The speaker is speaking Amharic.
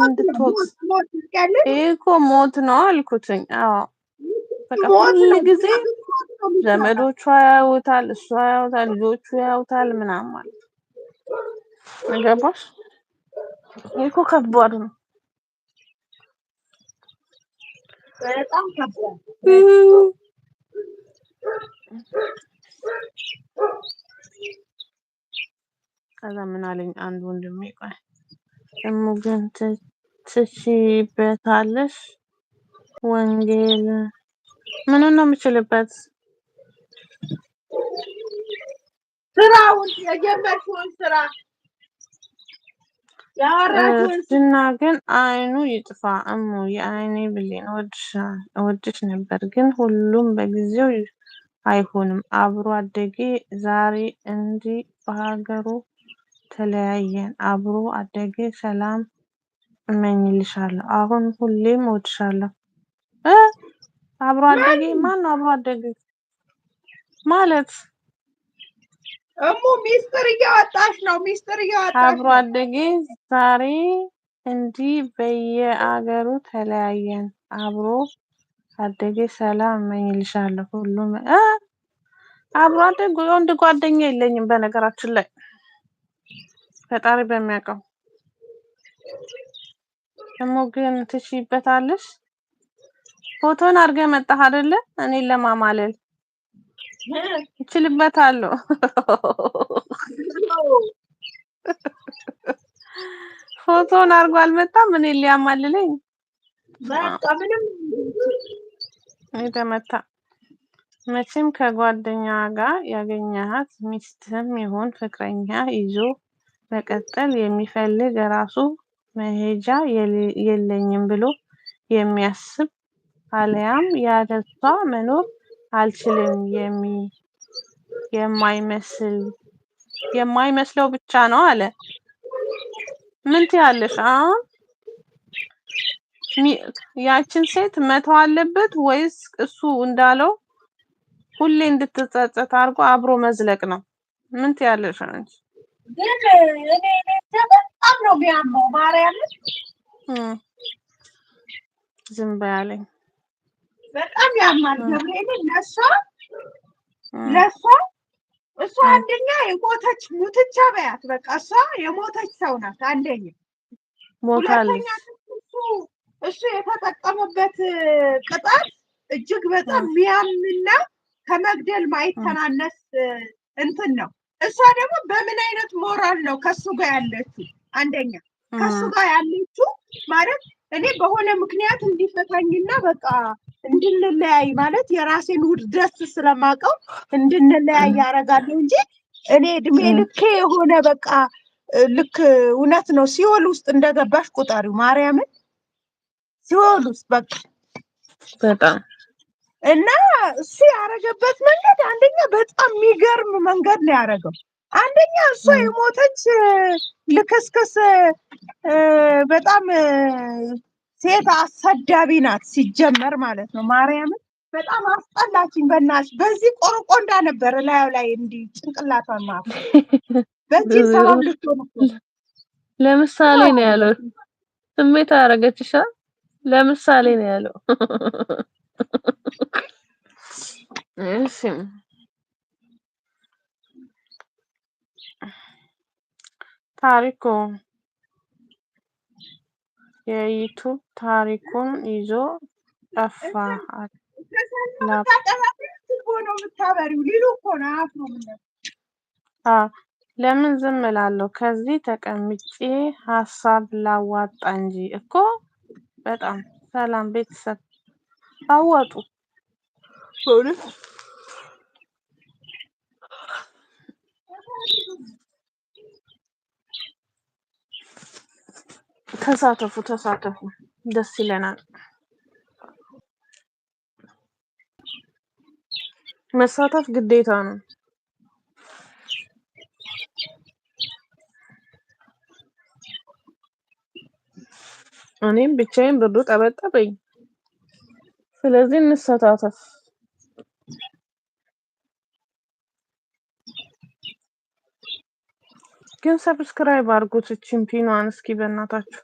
አሁን እንድትወቅ እኮ ሞት ነው አልኩትኝ። አዎ ጊዜ ዘመዶቿ ያዩታል፣ እሷ ያዩታል፣ ልጆቹ ያዩታል ምናምን ማለት ነው። ገባሽ? ይህ እኮ ከባድ ነው። ከዛ ምን አለኝ አንድ ወንድሜ ቆይ ግን ትችይበታለሽ? ወንጌል ምኑን ነው የምችልበት? ስራውን የጀመርሽውን ስራ ግን አይኑ ይጥፋ እሙ የአይኔ ብሌን እወድሽ ነበር፣ ግን ሁሉም በጊዜው አይሆንም። አብሮ አደጌ ዛሬ እንዲህ በሀገሩ ተለያየን አብሮ አደጌ ሰላም እመኝልሻለሁ አሁን ሁሌም እወድሻለሁ አብሮ አደጌ ማን ነው? አብሮ አደጌ ማለት እሙ ሚስጥር እያወጣሽ ነው። ሚስጥር እያወጣሽ አብሮ አደጌ ዛሬ እንዲህ በየአገሩ ተለያየን አብሮ አደጌ ሰላም እመኝልሻለሁ ሁሉም አብሮ አደግ ወንድ ጓደኛ የለኝም በነገራችን ላይ ፈጣሪ በሚያውቀው ደግሞ ግን ትሽይበታለሽ። ፎቶን አድርገ መጣህ አይደለ? እኔ ለማማለል እችልበታለሁ። ፎቶን አድርጎ አልመጣም እኔ ሊያማልለኝ። የተመታ መቼም ከጓደኛ ጋር ያገኘሃት ሚስትም ይሁን ፍቅረኛ ይዞ መቀጠል የሚፈልግ ራሱ መሄጃ የለኝም ብሎ የሚያስብ አለያም ያለሷ መኖር አልችልም የማይመስለው ብቻ ነው አለ። ምን ትያለሽ? ያችን ሴት መተው አለበት ወይስ እሱ እንዳለው ሁሌ እንድትጸጸት አድርጎ አብሮ መዝለቅ ነው? ምን ትያለሽ አንቺ? ግን እኔ በጣም ነው ማርያምን ዝም በያለኝ በጣም ያማል። ገብርኤልን እሷ አንደኛ የሞተች ሙትቻ በያት በቃ እሷ የሞተች ሰው ናት። አንደኛ ሞታለች። እሱ የተጠቀመበት ቅጣት እጅግ በጣም የሚያምና ከመግደል ማይተናነስ እንትን ነው እሷ ደግሞ በምን አይነት ሞራል ነው ከሱ ጋር ያለችው? አንደኛ ከሱ ጋር ያለችው ማለት እኔ በሆነ ምክንያት እንዲፈታኝና በቃ እንድንለያይ ማለት የራሴን ውርደት ስለማውቀው እንድንለያይ ያደርጋለሁ እንጂ እኔ እድሜ ልኬ የሆነ በቃ ልክ እውነት ነው ሲኦል ውስጥ እንደገባሽ ቁጠሪው ማርያምን ሲኦል ውስጥ በቃ በጣም እና እሱ ያደረገበት መንገድ አንደኛ በጣም የሚገርም መንገድ ነው ያደረገው። አንደኛ እሷ የሞተች ልከስከስ በጣም ሴት አሰዳቢ ናት ሲጀመር ማለት ነው። ማርያምን በጣም አስጠላችኝ በናች በዚህ ቆርቆንዳ ነበር ላዩ ላይ እንዲ ጭንቅላቷን ማ በዚህ ሰባብ ልትሆን ለምሳሌ ነው ያለው። ስሜት አረገችሻ ለምሳሌ ነው ያለው እሺ ታሪኩ የይቱ ታሪኩን ይዞ ጠፋ። ለምን ዝም እላለሁ? ከዚህ ተቀምጬ ሀሳብ ላዋጣ እንጂ እኮ በጣም ሰላም ቤተሰብ አዋጡ። ተሳተፉ ተሳተፉ፣ ደስ ይለናል። መሳተፍ ግዴታ ነው። እኔም ብቻዬን ብርዱ ጠበጠበኝ። ስለዚህ እንሰታተፍ። ግን ሰብስክራይብ አድርጉት። እችን ፒኗን እስኪ በእናታችሁ